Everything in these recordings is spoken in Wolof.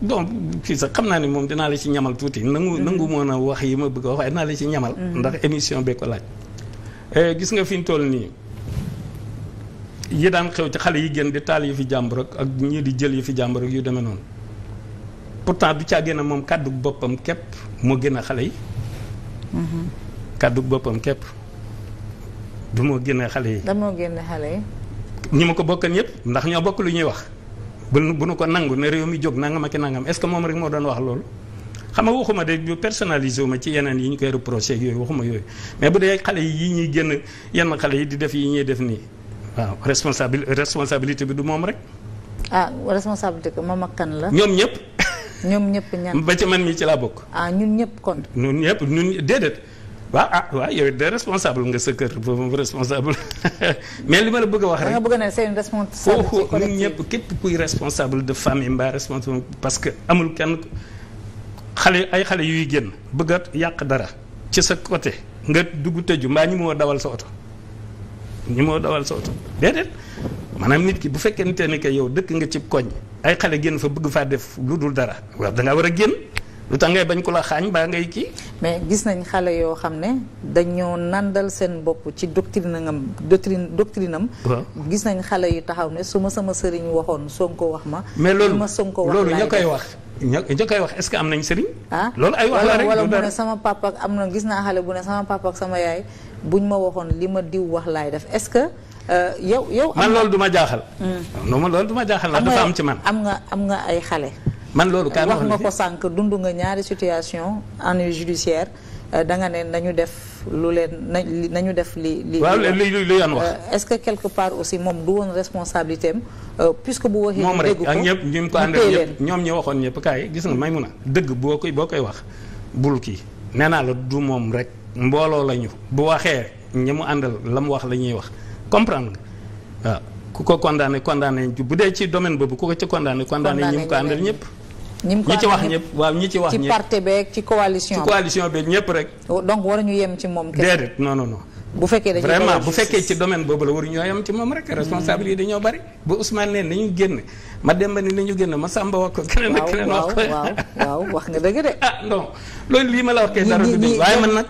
donc kii sax xam naa ni moom danaa la ci ñamal tuuti nangu mm-hmm. nangu mën a wax yi ma bëgg wax waaye dinaa la ci ñamal mm-hmm. ndax émission bee ko laaj eh, gis nga fi ñu toll nii yi daan xew ci xale yi génn di taal yi fi jàmbur ak ak di jël yi fi jàmbur ak yu demee noonu pourtant du caa génn moom kàddu boppam képp moo gën a xale yi mm-hmm. kàddu boppam képp du moo génne xale yi. da moo génne ma ko bokkal ñëpp ndax ñoo bokk lu ñuy wax bu bu nu ko nangu ne réew mi jóg nangam ak nangam est-ce que moom rek moo doon wax loolu. xam nga waxuma de bu wu ma ci yeneen yi ñu koy reproché ak yooyu waxuma yooyu mais bu dee xale yi ñuy génn yenn xale yi di def yi ñuy def nii waaw responsabil responsabilité bi du moom rek. ah responsabilité ko ma ak kan la. ñoom ñëpp. ñoom ñëpp ñan ba ci man mii ci laa bokk. ah ñun ñëpp kon. ñun ñëpp ñun déedéet. waaw ah waa yow de responsable nga sa kër boobu responsable mais li ma la bëgg a wax rek. da nga bëgg a ne c'est une responsabilité ñëpp képp kuy responsable de famille mbaa responsable parce que amul kenn xale ay xale yuy génn bëgg a yàq dara ci sa côté nga dugg tëju mbaa ñi moo dawal sa oto ñi moo dawal sa oto déedéet maanaam nit ki bu fekkente ne que yow dëkk nga cib koñ ay xale génn fa bëgg faa def lu dul dara waaw danga war a génn. lu tax ngay bañ ko la xaañ baa ngay kii. mais gis nañ xale yoo xam ne dañoo nandal seen bopp ci doctrine am doctrine doctrine am. gis nañ xale yi taxaw ne su ma sama sëriñ waxoon Sonko wax ma. mais loolu loolu ña koy wax. ña koy wax est-ce que am nañ sëriñ. ah loolu wala sama papa ak na gis naa xale bu ne sama papa sama yaay buñ ma waxoon li ma diw wax laay def est-ce que. Euh, yow yow. man loolu du ma jaaxal. Hmm. non man loolu duma ma jaaxal. dafa am ci man am nga am nga ay xale. man loolu kan wax nga ko sànq dund nga ñaari situation ennui judiciaire euh, da nga ne nañu def lu leen nañu def li li waaw li li yoon wax euh, est-ce que quelque part aussi moom du woon responsabilité am euh, puisque bu waxee moom rek ñëpp ñi mu ko ànd ñëpp ñoom ñi waxoon ñëpp kaay may mun dëgg boo koy boo koy wax bul kii nee naa la du rek mbooloo la ñu bu waxee ñi mu àndal la mu wax la ñuy wax comprendre nga waaw ku ko condamné condamné bu dee ci domaine boobu ku ko ci condamné condamné ñi mu ko àndal ñëpp ñi ci wax ñëpp waaw ñi ci wax ñëpp ci parti beeg ci coalition ci coalition beeg ñëpp rek. Oh, donc waruñu yem ci moom. déedéet non non bu fekkee dañuy vraiment bu fekkee ci domaine boobu la waruñoo yem ci moom rek. Hmm. responsable yi dañoo bari. bu Ousmane nee nañu génn ma Demba ni nañu génn ma Samba wax ko keneen ak keneen wax ko waaw wax nga dëgg de. ah non loolu lii ma la wax kay dara du waaye man nag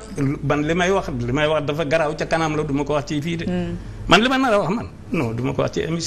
man li may wax li may wax dafa garaaw ca kanam la duma ko wax ci fii de. Hmm. man li ma nar a wax man non du ma ko wax ci émission.